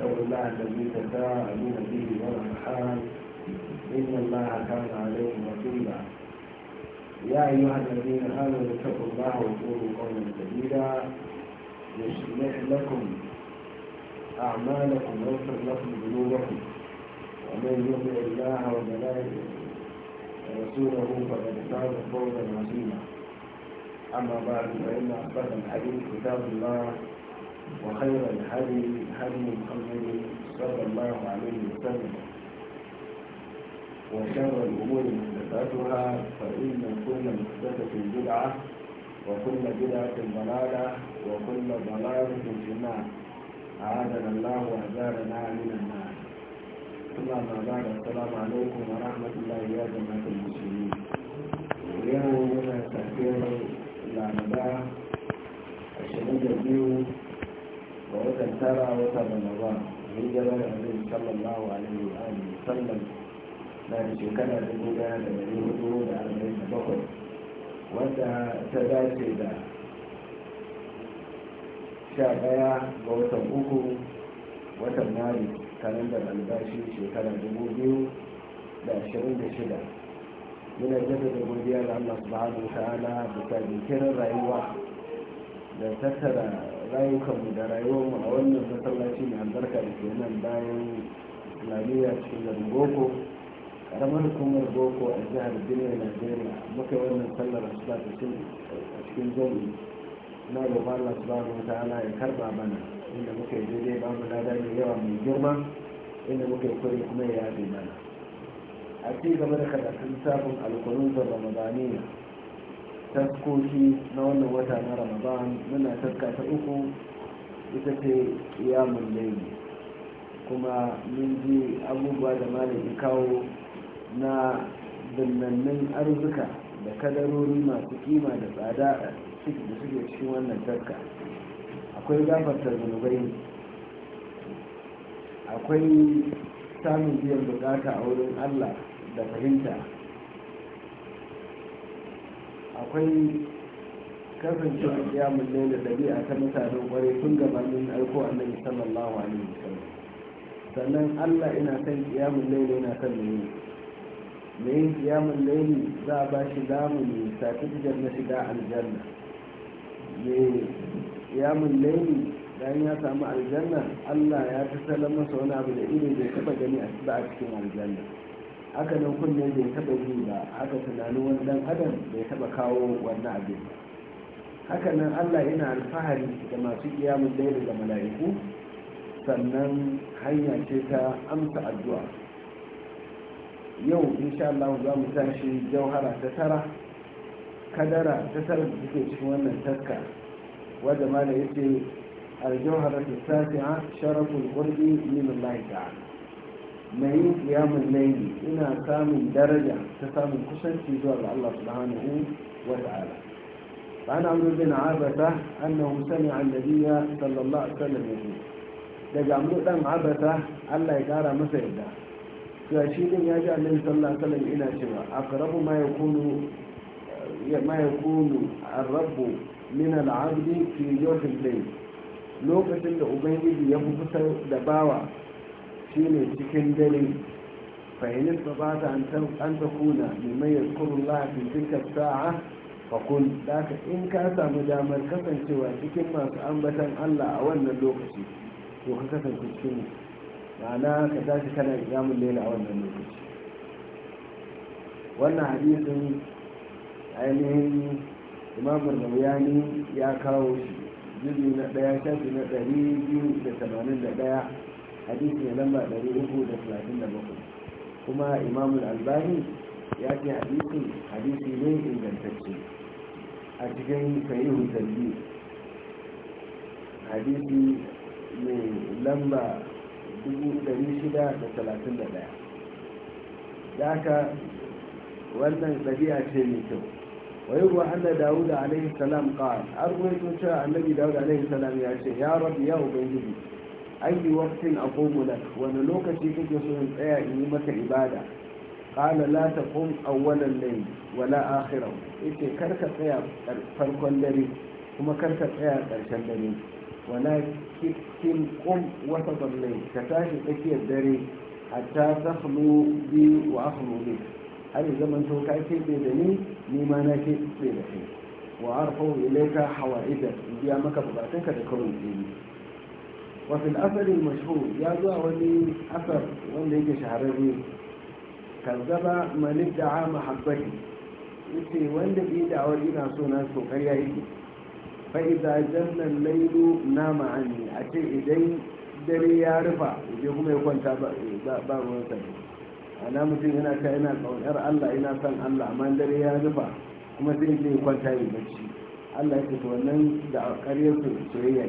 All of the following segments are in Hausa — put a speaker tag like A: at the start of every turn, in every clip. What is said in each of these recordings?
A: واتقوا الله الذي تساءلون به والارحام ان الله كان عليكم رقيبا يا ايها الذين امنوا اتقوا الله وقولوا قولا سديدا يصلح لكم اعمالكم ويغفر لكم ذنوبكم ومن يطع الله وملائكته ورسوله فقد فاز فوزا عظيما اما بعد فان اصدق الحديث كتاب الله وخير الهدي هدي محمد صلى الله عليه وسلم وشر الأمور محدثاتها فإن كل محدثة بدعة وكل بدعة ضلالة وكل ضلالة في النار أعاذنا الله وأجارنا من النار ثم ما بعد السلام عليكم ورحمة الله يا جماعة المسلمين اليوم هنا تأثير الأعداء الشديد الدين da watan tara watan ramadan hijira da annabi sallallahu alaihi wa alihi sallam na da dubu daya da dari da arba'in da bakwai wanda ta dace da sha daya ga watan uku watan mayu kalandar albashi shekara dubu biyu da ashirin da shida muna jaddada godiya ga Allah subhanahu wa ta'ala da ta rayuwa da tattara rayukanmu da rayuwar mu a wannan masallaci mai albarka da ke nan bayan lamiya cikin garin boko karamar hukumar boko a jihar birnin najeriya muka wannan sallar asuba a cikin zomi na roba allah subhanahu wata ta'ala ya karba mana inda muka yi daidai ba mu lada mai yawa mai girma inda muka yi kuri kuma ya yi mana a ci gaba da karatun safin alkunun ramadaniya taskoki na wannan wata na ramadan muna taska ta uku ita ce yamun laili kuma mun ji abubuwa da malami kawo na binnannin arzuka da kadarori masu kima da tsada da suke cikin wannan taska akwai gafartar zunubai akwai samun biyan bukata a wurin allah da fahimta akwai kasancewa kiyamun mulle da ɗabi'a ta mutanen kwarai tun gabanin aiko annabi sallallahu alaihi wasallam sannan Allah ina son kiyamun ne na son ne me yin kiyamun ne za a ba shi lamuni satifijar na shiga aljanna me kiyamun laili bayan ya samu aljanna Allah ya fi salama masa wani abu da iri bai taba gani a cikin aljanna haka nan kunne bai taba yi ba haka tunanin wani dan adam bai taba kawo wannan abin haka nan allah yana alfahari da masu kiyamun daidai da mala'iku sannan hanya ce ta amsa addu'a yau insha Allah za mu tashi jauhara ta tara kadara ta tara da take cikin wannan taska wadda mala yace al-jauhara ta tasi'a sharaful qurbi min Allah ta'ala na yi kiyamun laili ina samun daraja ta samun kusanci zuwa ga Allah subhanahu wa ta'ala fa'an amur bin abata an da biya, sallallahu alaihi wasallam yanzu daga mu dan abata Allah ya kara masa yadda to shi din ya ji annabi sallallahu alaihi wasallam ina cewa a ma yakunu ma yakunu ar-rabbu min al-'abdi fi yawm al-layl lokacin da ubangiji ya fi kusa da bawa Shi ne cikin dare fa'in istata an takuna mimman yadhkurullaha fi tilka sa'a fakul daga in ka samu damar kasancewa cikin masu ambatan Allah a wannan lokaci to ka kasance cikin ma'ana ka tashi kana iyamun lela a wannan lokaci wannan hadisin ainihin imam rauyani ya kawo shi jirgi na ɗaya shafi na ɗari hadisi ne lamba 337 kuma al albani ya ce hadisi hadisi ne ingantacce a cikin sayihun zalbi hadisi ne lamba 631 da aka wannan ɗabi'a ce mai kyau wai kuwa annabi dawud alaihi salam ka arwaito cewa annabi dawud alaihi salam ya ce ya rabu ya ubangiji ayi waqtin a lak wani lokaci kake so in tsaya in yi maka ibada qala la taqum awwal al-layl wala akhirahu yace kar ka tsaya farkon dare kuma kar ka tsaya karshen dare wala kin qum wasat al-layl ka tashi tsakiyar dare hatta takhlu bi wa akhlu bik har zaman to ka kebe da ni ni ma na kebe da kai wa arfu ilayka hawa'idak biya maka bukatunka da kawai wafi asali mashu ya zuwa wani asar wanda yake shahararri kazzaba malik da ama habbali yace wanda ke da'awar ina so na so karya yake fa'i da jannan lailu na a ce idan dare ya rufa je kuma ya kwanta ba ruwan sa ana mutum yana ta yana kaunar allah ina son allah amma dare ya rufa kuma sai ya kwanta yi bacci allah ya ce wannan da karyar soyayya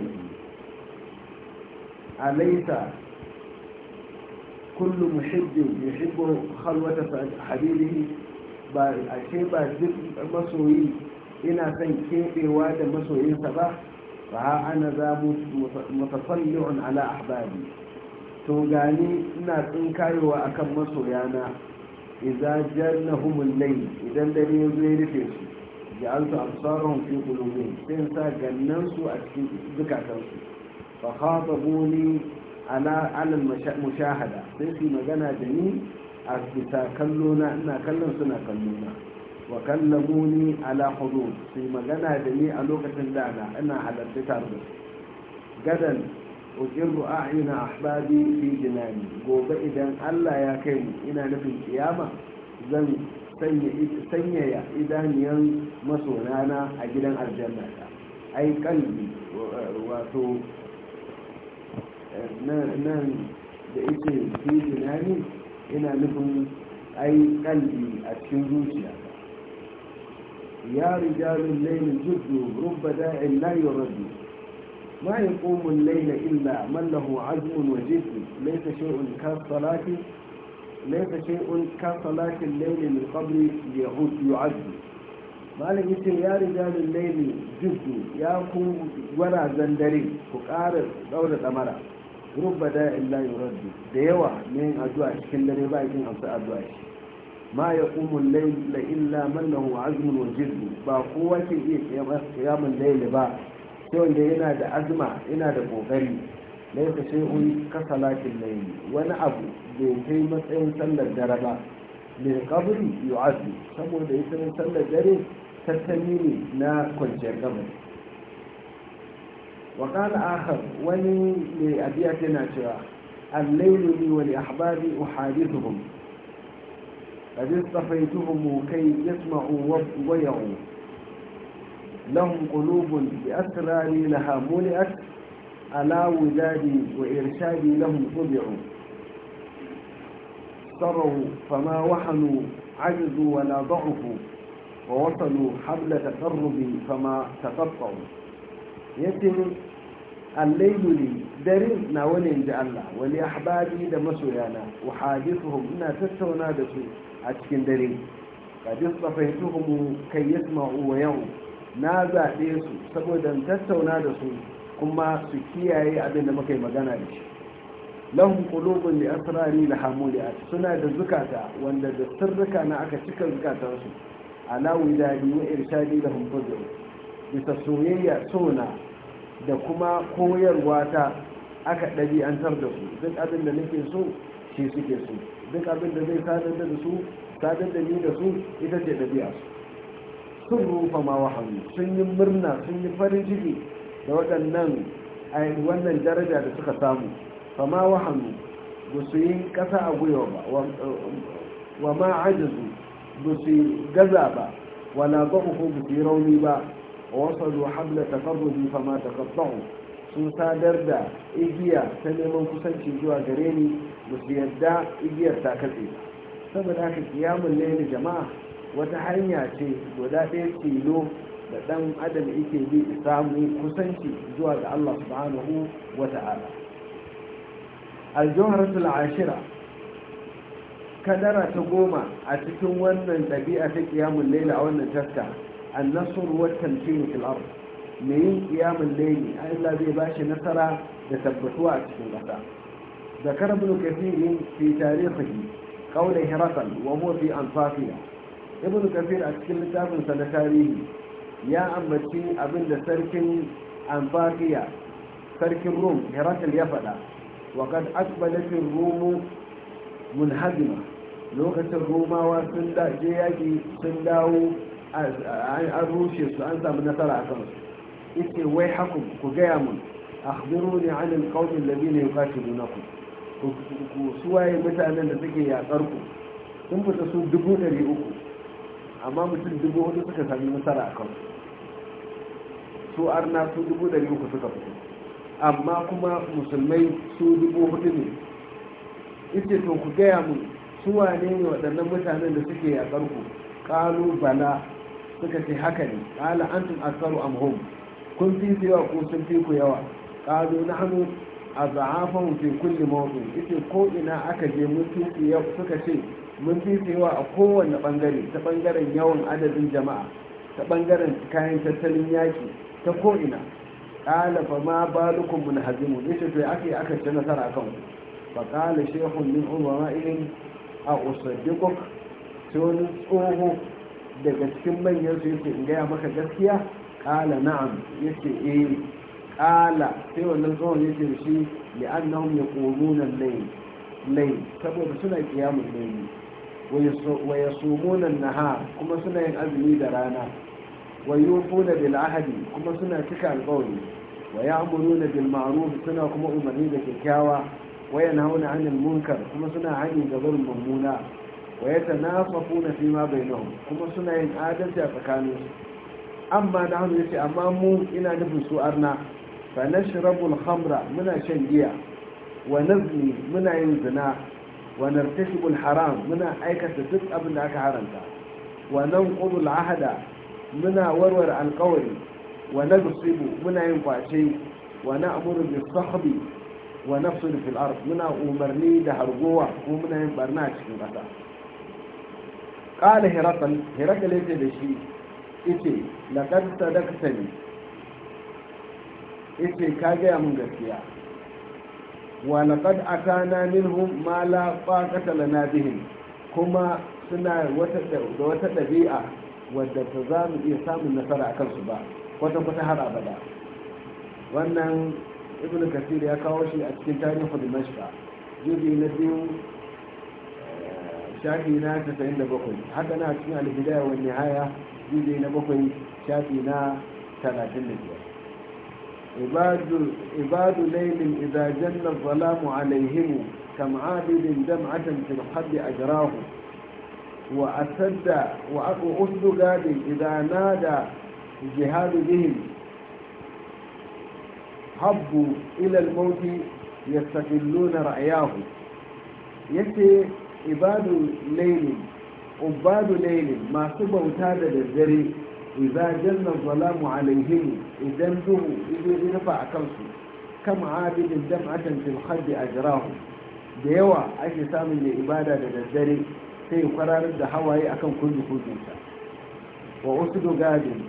A: alaita kullum muhibbin yuhibbu khalwata habibihi ba ashe ba duk masoyi ina son kebewa da masoyinsa ba fa ana za mutasalli'un ala ahbabi to gani ina tsinkayowa akan masoyana idza jannahum al-layl idan dare ya zo ya rufe su ya absarahum fi qulubihim sai sa gannan su a cikin zukatansu fa buni ala alal mushahada sai su magana da ni a bisa kallo na ina kallon suna kallona na wa kallamuni ala hudud su magana da ni a lokacin dana na ina halarci tare da su gadan uqirru a'yuna ahbabi fi jinani gobe idan Allah ya kai mu ina nufin kiyama zan sanyaya idaniyan na a gidan aljanna ta ai kalbi wato na da ita ke tunani yana nufin ai kalbi a cikin zuciya ya rijalun lailin juddu rubba da'in yi rabbi ma ya komun illa mallahu azmun wa jiddu laita shay'un ka salati laita shay'un ka salati laili min qabli yahud ya rijalun lailin juddu ku gwarazan dare ku ƙara ɗaura rubba da illa yuraddu da yawa ne addu'a cikin dare ba yin amsa addu'a shi ma ya qumu layla illa man lahu azmun wa jiddu ba kowa ke iya qiyamul layl ba sai wanda yana da azma yana da kokari laisa shay'un ka salatin layl wani abu bai kai matsayin sallar dare ba min qabri yu'addu saboda ita sallar dare tattali ne na kwanciyar gaba وقال آخر ولي لأبياتنا شراء الليل لي ولأحبابي أحادثهم قد اصطفيتهم كي يسمعوا ويعوا لهم قلوب بأسراري لها ملئت على ودادي وإرشادي لهم طبعوا سروا فما وحنوا عجزوا ولا ضعفوا ووصلوا حبل تقربي فما تقطعوا يتم allailu darin na wani inji Allah wani ahbari da masoyana wa hadithuhum ina tattauna da su a cikin dare kadin tsafaituhum kai yasma'u wa yau na zaɓe su saboda tattauna da su kuma su kiyaye abin da muka yi magana da shi lahum qulubun li asrari la hamuliat suna da zukata wanda da sirrika na aka cika zukatansu ala widadi wa irshadi da fadl bisa soyayya sona da kuma koyarwa ta aka ɗabi'antar da su duk abin da nake so shi suke su, duk abin da zai sadar da su sadar da ni da su ita ce ɗabi'a su sun rufa ma wahayi sun yi murna sun yi farin ciki da waɗannan wannan daraja da suka samu fama wahamu ba su yi ƙasa a gwiwa ba wa ma su, ba su gaza ba wala ba ku ba su yi rauni ba ta حبل تقرب فما تقطعوا sun sadar da igiya ta neman kusanci zuwa gare ni ba su yadda igiyar ta katse saboda haka kiyamun laili jama'a wata hanya ce guda ɗaya tilo da ɗan adam yake bi samu kusanci zuwa ga Allah subhanahu wa ta'ala aljoharatul ashira kadara ta goma a cikin wannan ɗabi'a ta kiyamun laila a wannan taska النصر والتمكين في الأرض من قيام الليل إلا باش نصر تثبتوا في الغساء ذكر ابن كثير في تاريخه قول هرقل وهو في أنصافنا ابن كثير أتكلم لتاب سنتاريه يا أمتي أبن سرك أنفاقيا سرك الروم هرقل يفدا وقد أقبلت الروم منهدمة لوقت الروم وسندا جياجي سنداو an rushe su an samu nasara a kansu ita wai haku ku gaya mun akhbiruni an alqawmin ladina yuqatilunakum ku waye mutanen da suke yakar ku sun fita su dubu ɗari uku amma mutum dubu hudu suka sami nasara a kansu su arna su dubu ɗari uku suka fito amma kuma musulmai su dubu hudu ne ita to ku gaya mun su wane ne waɗannan mutanen da suke yakar ku kalu bala suka ce haka ne an tun aktharu a hum kun fi yawa ko sun fi ku yawa na hannu a za'afan fi kulli mawdin Ita ko ina aka je mun fi ku yawa suka ce mun fi yawa a kowane bangare ta bangaren yawan adadin jama'a ta bangaren kayan tattalin yaki ta ko ina kala fa ma balukum hazimu ita to ake aka ci nasara kan ku fa kala shaykhun min umara'ihim a Usadikok sai wani tsoho daga cikin manyan su yake in gaya maka gaskiya kala na'am yake eh kala sai wannan tsohon yake da shi nan ya yaqumuna al lai? Lai saboda suna qiyamul lai. wa yasumuna an-nahar kuma suna yin azumi da rana wa da bil ahdi kuma suna cika alƙawari wa ya'muruna bil ma'ruf suna kuma umarni da kyakkyawa wa yanhauna 'anil munkar kuma suna hanyar ga barin mummuna wa ta tanafafu na fi ma bai nahu kuma suna yin adalci a tsakanin su amma na hannu ya ce amma mu ina nufin su arna fa na shirabul hamra muna shan giya wa nazni muna yin zina wa nartashibul haram muna aikata duk abin da aka haranta wa nan qudul ahada muna warware alkawari wa nagsibu muna yin kwace wa na'muru bis sahbi wa nafsu fil ard muna umarni da hargowa ko muna yin barna a cikin ƙasa ƙala herakal herakal yake da shi ite laƙar sadakta ne ite ka gaya mun gaskiya wa laƙar atana minhum ma la faqata lana bihim kuma suna da wata ɗabi'a wadda ba za mu iya samun nasara a kansu ba kwata-kwata har abada wannan ibn kasir ya kawo shi a cikin tarihin dimashka jirgi na biyu شافي نا تسعين لبقي حتى نا تسمع البداية والنهاية جيدي لبقي شافي نا ثلاثين لبقي عباد عباد ليل إذا جن الظلام عليهم كم عابد دمعة في الحد أجراه وأسد وأقو أسد قاد إذا نادى الجهاد بهم حبوا إلى الموت يستقلون رعياه يأتي ibadu ubadu laili masu bauta da daddare idza janna zalamu alaihim idan duhu idan rufa a kansu kama abidin dam'atan fil khaddi ajrahu da yawa ake samun mai ibada da daddare sai kwararar da hawaye akan kunji kujinsa wa wasu dogadin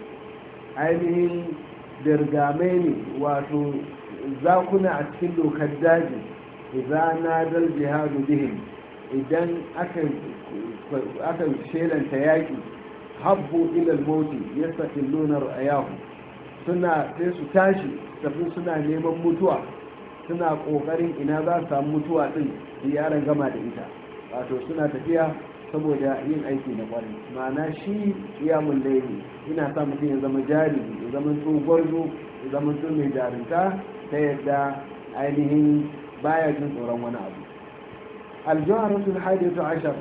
A: ainihin dirgamai ne wato zakuna a cikin dokar daji na nadal jihadu bihim idan aka shelanta yaƙi habbu ilal moti ya sakin lunar ayahu suna sai su tashi tafi suna neman mutuwa suna ƙoƙarin ina za su samu mutuwa ɗin ziyarar gama da ita wato suna tafiya saboda yin aiki na ƙwari. ma'ana shi kiyamun laili ina sa mutum ya zama jari ya zama so gwarzo ya zama tsohon mai jarinta ta yadda ainihin baya jin tsoron wani abu aljawaratul hadiyatu ashar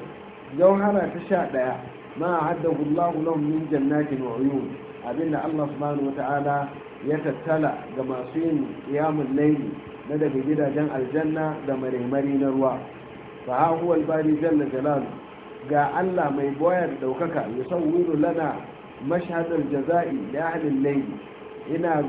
A: jawhara ta sha daya ma haddahu Allah lahum min jannatin wa uyun abinda Allah subhanahu wata'ala ya tattala ga masu yin iyamun layli na daga gidajen aljanna da maraimari na ruwa fa ha huwa al-bari jalla jalalu ga Allah mai boyar ɗaukaka ya sauwiru lana mashhadul jaza'i da ahlil layli ina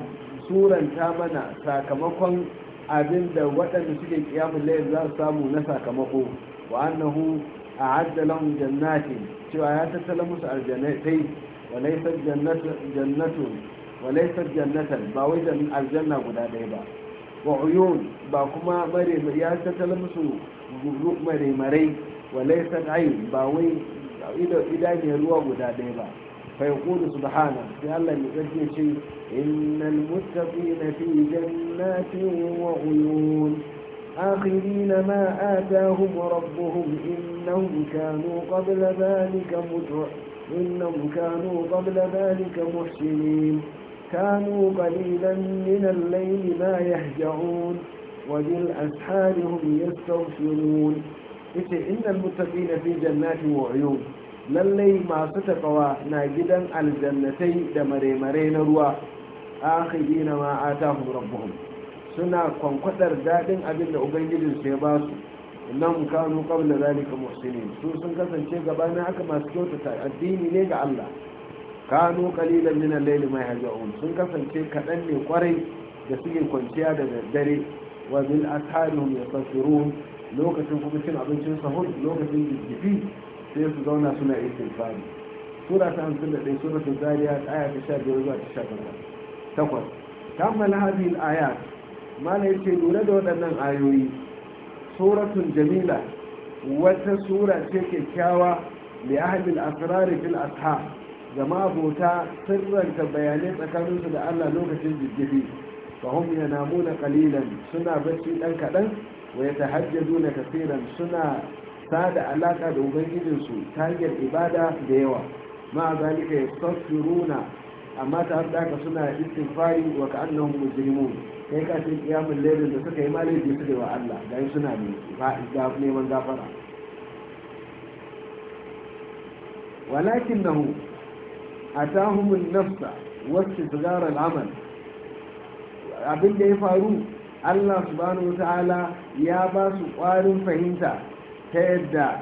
A: suranta mana sakamakon abin da waɗanda suke kiyamun layin za su samu na sakamako wa annahu a lahum jannatin cewa ya tattala musu aljannatai wa laysat jannatun wa jannatan ba wai aljanna guda ɗaya ba wa uyun ba kuma mare ya tattala musu mare wa laysat ayn ba wai idaniyar ruwa guda ɗaya ba فيقول سبحانه في الله يقدم شيء إن المتقين في جنات وعيون آخرين ما آتاهم ربهم إنهم كانوا قبل ذلك متع إنهم كانوا قبل ذلك محسنين كانوا قليلا من الليل ما يهجعون وبالأسحار هم يستغفرون إن المتقين في جنات وعيون lallai masu tafawa na gidan aljannatai da maremare na ruwa akhiri na ma'atahum rabbuhum suna kwankwadar daɗin abin da ubangijin ya ba su nan kanu da zalika musulmi su sun kasance gabanin haka masu kyautata addini ne ga Allah kanu kalilan min al-layli ma yahjaun sun kasance kaɗan ne kwarai da suke kwanciya da daddare wa bil asharihum yasfirun lokacin kuma cin abincin sahur lokacin jijjifi sai su zauna suna fari sura ta hamsin da ɗaya sura ta zariya aya ta sha biyar zuwa ta sha bakwai takwas kammala hadhihi al-ayat mala lura da waɗannan ayoyi suratun jamila wata sura ce kyakkyawa li ahli asrari asrar fil ashab zama abota sirranta bayanai tsakaninsu da Allah lokacin jijjifi suna ينامون ɗan kaɗan? بشي أنك لن na كثيرا suna. da alaka da ubangijinsu ta hanyar ibada da yawa ma zalika runa amma ta har haka suna istighfari wa annan mujrimun kai ka ce kiyamul da suka yi ma laifi su da wa Allah yi suna ne neman gafara a ta an-nafsa wasu istighfar al abin da ya faru Allah subhanahu wa ta'ala ya ba su kwarin fahimta ta yadda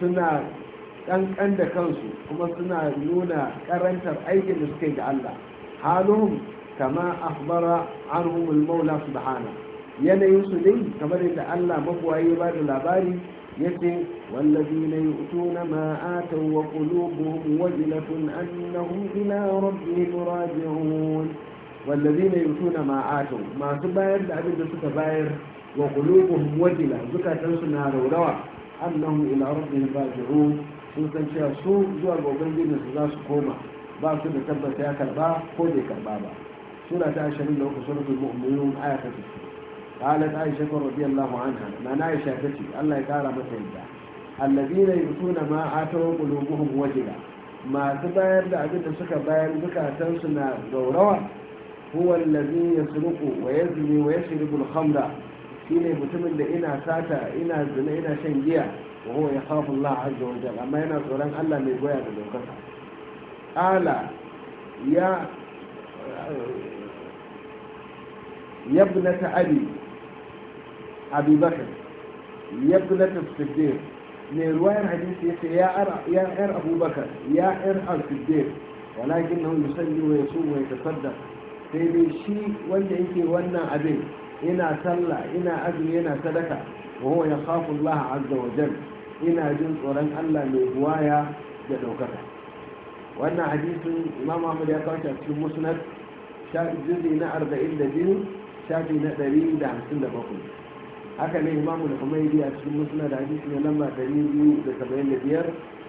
A: suna ƙanƙan da kansu kuma suna nuna karantar aikin da suke ga Allah haluhum kama akhbara anhum al-maula subhana yanayin su ne kamar yadda Allah magwaye ba da labari yace wallazina yu'tuna ma ataw wa qulubuhum wajilatun annahum ila rabbihim raji'un wallazina yu'tuna ma ataw masu bayar da abin da suka bayar wa qulubuhum wajila zukatansu na raurawa annahum ila rabbihim raji'un sun san cewa su zuwa ga ubangiji su za koma ba su da tabbata ya karba ko bai karba ba sura ta 23 suratul mu'minun aya ta 6 qalat aisha radiyallahu anha ma na aisha ta ce Allah ya kara mata yadda alladheena yu'tuna ma atawu qulubuhum wajila ma su bayar da abin da suka bayar zakatan su na gaurawa huwa ya yasruqu wa yazni wa yashribu al-khamra shine mutumin da ina sata ina zina ina shan giya wa huwa yakhafu Allah azza wa jalla amma yana tsoron Allah mai goya da dokar ala ya yabnata abi abi bakr yabnata siddiq mai ruwayar hadisi ya ce ya yar abubakar ya yar al-siddiq walakin nan yusalli wa yasum wa yatasaddaq sai dai shi wanda yake wannan abin ina sallah ina azumi yana sadaka wa huwa yakhafu Allah azza wa jal ina jin tsoron Allah mai buwaya da daukaka wannan hadisin Imam Ahmad ya kawo shi a cikin Musnad juzi na 42 shafi na 157 haka ne Imam Al-Humaydi a cikin Musnad hadisi na lamba 275 da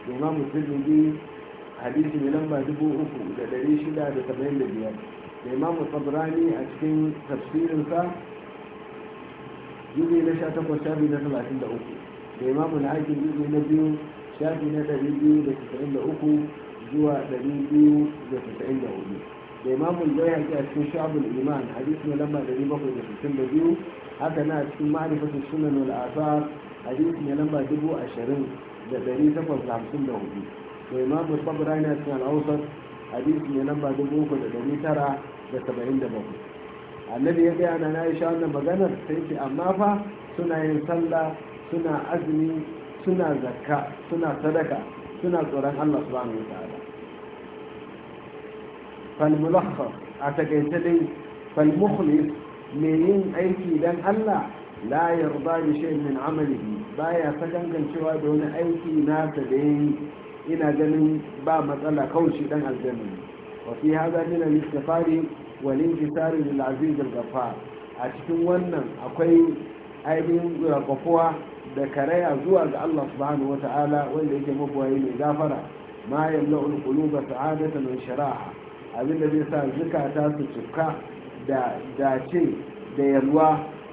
A: Imam Tirmidhi hadisi na lamba 3675 da Imam Tabrani a cikin tafsirinsa juzi na sha takwas shafi na talatin da uku da imamu na hakim juzi na biyu shafi na ɗari biyu da tasa'in da uku zuwa ɗari biyu da tasa'in da hudu da imamu zai haƙi a cikin shabul iman hadisi na lamba ɗari bakwai da sittin da biyu haka na cikin ma'arifatun sunan wal asar hadisi na lamba dubu ashirin da ɗari takwas da hamsin da hudu da imamu sabra a cikin al'ausar hadisi na lamba dubu uku da ɗari tara da saba'in da bakwai annabi ya gaya na yi wannan maganar sai ce amma fa suna yin sallah suna azumi suna zakka suna sadaka suna tsoron Allah Su wa ta'ala fal a takaice dai fal mai yin aiki don Allah la yarda bi shay'in min amalihi baya gangancewa da wani aiki ta da yi ina ganin ba matsala kawai shi dan aljanna wa fi hada min al-istifari walintisari lil aziz al a cikin wannan akwai ainihin rakofuwa da karaya zuwa ga Allah subhanahu ta'ala wanda yake mabuwayi mai gafara ma yamla'ul quluba sa'adatan wa sharaha abinda zai sa zukata su cika da dace da yalwa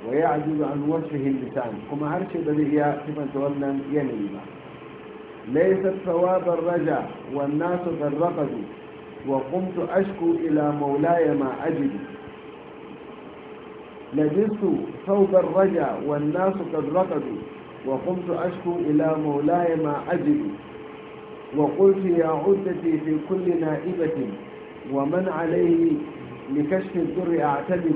A: wa ya'juzu an wasfihi lisan kuma harshe da zai iya sifanta wannan yanayi ba laysat thawabar raja wan nasu qarraqadu وقمت أشكو إلى مولاي ما أجد لبست ثوب الرجا والناس قد رقدوا وقمت أشكو إلى مولاي ما أجد وقلت يا عدتي في كل نائبة ومن عليه لكشف الضر أعتمد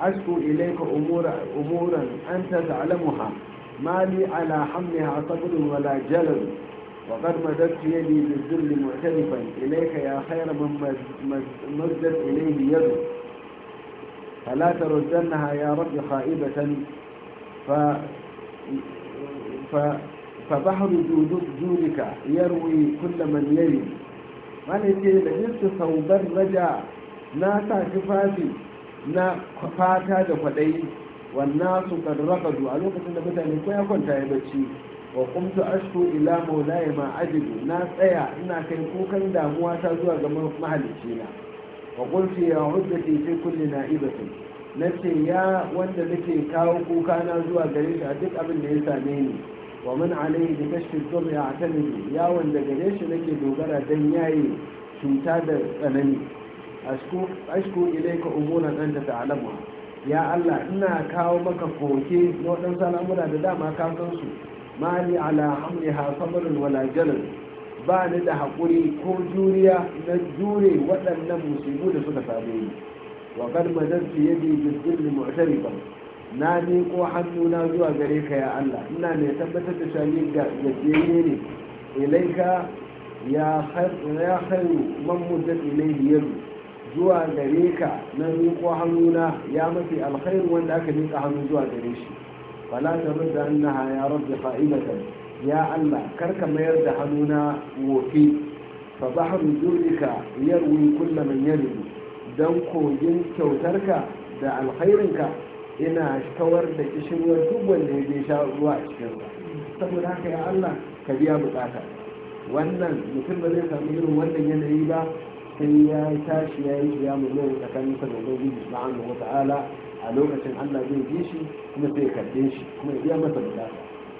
A: أشكو إليك أمور أمورا أنت تعلمها ما لي على حملها صبر ولا جلد وقد مددت يدي بالذل معترفا إليك يا خير من مدت إليه يده فلا تردنها يا رب خائبة ف... ف... فبحر جودك يروي كل من يلي wani ce da jinsu saubar raja na sa tufafi na fata da kwaɗayi wannan su kan raka a lokacin da mutane ko ya kwanta ya bacci wa kumtu ashku ila maulaya ma ajidu na tsaya ina kai kukan damuwa ta zuwa ga mahalicci na wa qultu ya uddati fi kulli na'ibatin nace ya wanda nake kawo kuka na zuwa gare shi a duk abin da ya same ni wa man alayhi bi kashfi dhurri a'tamidu ya wanda gare shi nake dogara dan yayi cuta da tsanani ashku ashku ilayka umuran anta ta'lamuha ya Allah ina kawo maka koke na waɗansu al'amura da dama ka san su mali ala ha sabrun wala jalal ba ni da haƙuri ko juriya na jure waɗannan musibu da suka same ni wa kad madantu yadi bizilli ba na miƙo hannuna zuwa gare ka ya Allah ina mai tabbatar da shani ga gajiyayye ne ilaika ya khairu man muddat ilayhi yadu zuwa gare ka na miƙo hannuna ya mafi alkhairu wanda aka miƙa hannu zuwa gare shi fala ta rudda annaha ya rabbi qa'imatan ya Allah kar ka mayar da hannuna wofi Ka bahru durika yarwi kulla man yadu dan kogin kyautarka da alkhairinka ina kawar da kishirwar duk wanda ya je sha ruwa a cikin saboda haka ya Allah ka biya bukata wannan mutum ba zai samu irin wannan yanayi ba sai ya tashi ya yi kiyamun yau tsakanin sa da ubangiji subhanahu wata'ala a lokacin Allah zai ji shi kuma zai karbe shi kuma ya biya masa bukata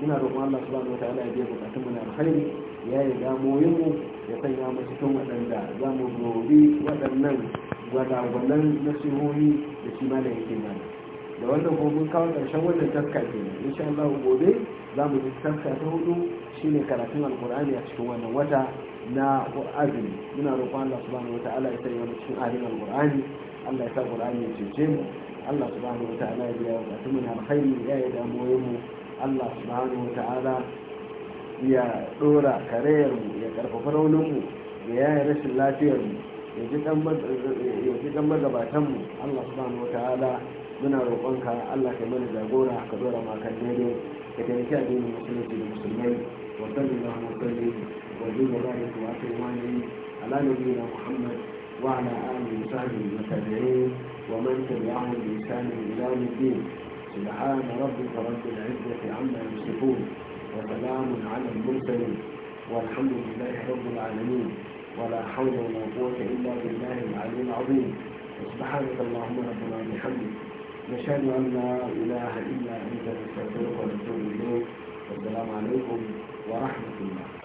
A: Ina roƙon Allah subhanahu wataala ya biya bukatun mu na alkhairi ya yi damoyin mu ya sanya mu cikin waɗanda za mu gobe waɗannan gwada-gwadan nasihohi da shi ma da yake mana da wannan kuma mun kawo ƙarshen wannan taska ke insha Allah gobe za mu ji taska ta hudu shine karatun alkur'ani a cikin wannan wata na azumi muna roƙon Allah subhanahu wataala ya sanya mu cikin ahlin alkur'ani Allah ya sa Qur'ani ya cece mu الله سبحانه وتعالى يا أتمنى خير يا أمويمه الله سبحانه وتعالى يا دورا كريم يا كرب فرونم يا رسول الله تيرم يا جدام بد يا جدام الله سبحانه وتعالى من ربك الله كمن زعورا كدورا ما كان يدي كتنيك أدين المسلمين المسلمين وصلى الله وسلم وجزاك الله خيرا على نبينا محمد وعلى آله وصحبه المتابعين ومن تبعهم بإحسان إلى يوم الدين سبحان ربك رب العزة عما يصفون وسلام على المرسلين والحمد لله رب العالمين ولا حول ولا قوة إلا بالله العلي العظيم سبحانك اللهم ربنا بحمدك نشهد أن لا إله إلا أنت نستغفرك ونتوب إليك والسلام عليكم ورحمة الله